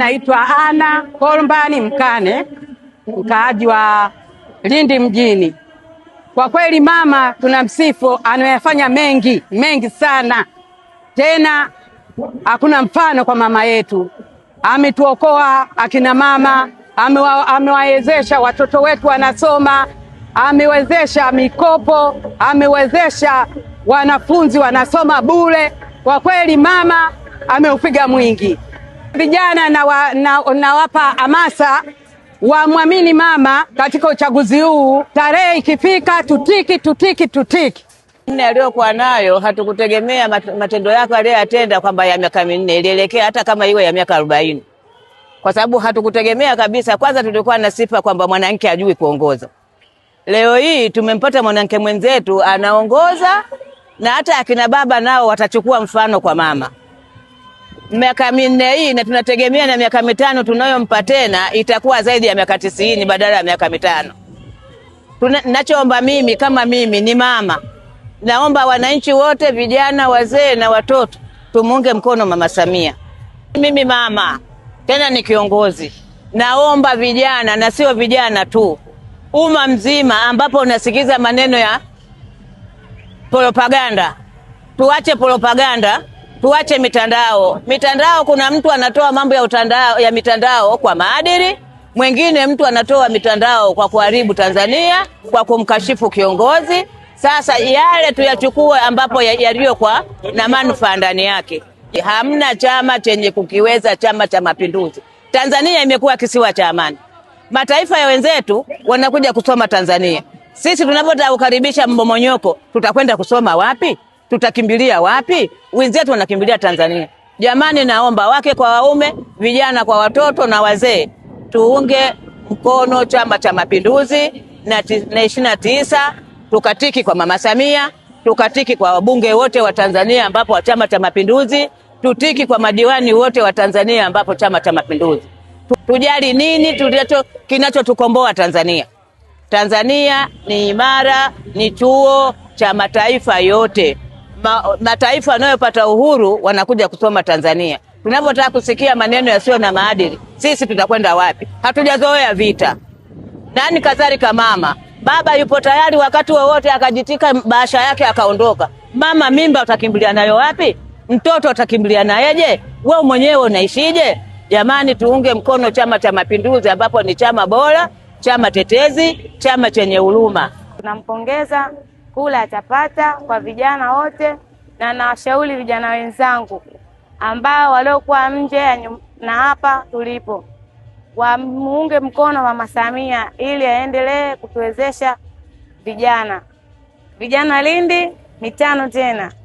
Naitwa Ana Kolmbani Mkane, mkaaji wa Lindi mjini. Kwa kweli mama tunamsifu, anayafanya mengi mengi sana, tena hakuna mfano kwa mama yetu. Ametuokoa akina mama, amewawezesha watoto wetu wanasoma, amewezesha mikopo, amewezesha wanafunzi wanasoma bure. Kwa kweli mama ameupiga mwingi. Vijana nawapa na, na hamasa wamwamini mama katika uchaguzi huu. Tarehe ikifika, tutiki tutiki tutiki nne aliyokuwa nayo hatukutegemea matendo yake aliyoyatenda kwamba ya miaka minne ilielekea hata kama iwe ya miaka arobaini kwa sababu hatukutegemea kabisa. Kwanza tulikuwa na sifa kwamba mwanamke ajui kuongoza. Leo hii tumempata mwanamke mwenzetu anaongoza, na hata akina baba nao watachukua mfano kwa mama miaka minne hii na tunategemea na miaka mitano tunayompa tena itakuwa zaidi ya miaka tisini badala ya miaka mitano. Nachoomba mimi kama mimi ni mama, naomba wananchi wote, vijana, wazee na watoto, tumuunge mkono mama Samia. Mimi mama tena ni kiongozi, naomba vijana na sio vijana tu, umma mzima, ambapo unasikiza maneno ya propaganda, tuache propaganda tuache mitandao. Mitandao, kuna mtu anatoa mambo ya utandao, ya mitandao kwa maadili, mwingine mtu anatoa mitandao kwa kuharibu Tanzania, kwa kumkashifu kiongozi. Sasa yale tuyachukue ambapo yaliyokuwa na manufaa ndani yake. Hamna chama chenye kukiweza Chama cha Mapinduzi. Tanzania imekuwa kisiwa cha amani. Mataifa ya wenzetu wanakuja kusoma Tanzania. Sisi tunapotaka kukaribisha mbomonyoko, tutakwenda kusoma wapi? tutakimbilia wapi? Wenzetu wanakimbilia Tanzania. Jamani, naomba wake kwa waume, vijana kwa watoto na wazee, tuunge mkono Chama cha Mapinduzi na ishirini na tisa, tukatiki kwa Mama Samia, tukatiki kwa wabunge wote wa Tanzania ambapo wa Chama cha Mapinduzi, tutiki kwa madiwani wote wa Tanzania ambapo Chama cha Mapinduzi. Tujali nini tulicho kinachotukomboa Tanzania. Tanzania ni imara, ni chuo cha mataifa yote ma, mataifa wanayopata uhuru wanakuja kusoma Tanzania. Tunapotaka kusikia maneno yasiyo na maadili, sisi tutakwenda wapi? Hatujazoea vita nani, kadhalika mama baba yupo tayari wakati wowote akajitika bahasha yake akaondoka. Mama mimba utakimbilia nayo wapi? Mtoto utakimbilia nayeje? Wewe mwenyewe unaishije? Jamani, tuunge mkono Chama cha Mapinduzi ambapo ni chama bora, chama tetezi, chama chenye huruma. Tunampongeza chakula atapata kwa vijana wote, na nawashauri vijana wenzangu ambao waliokuwa nje na hapa tulipo wamuunge mkono Mama Samia ili aendelee kutuwezesha vijana. Vijana Lindi mitano tena.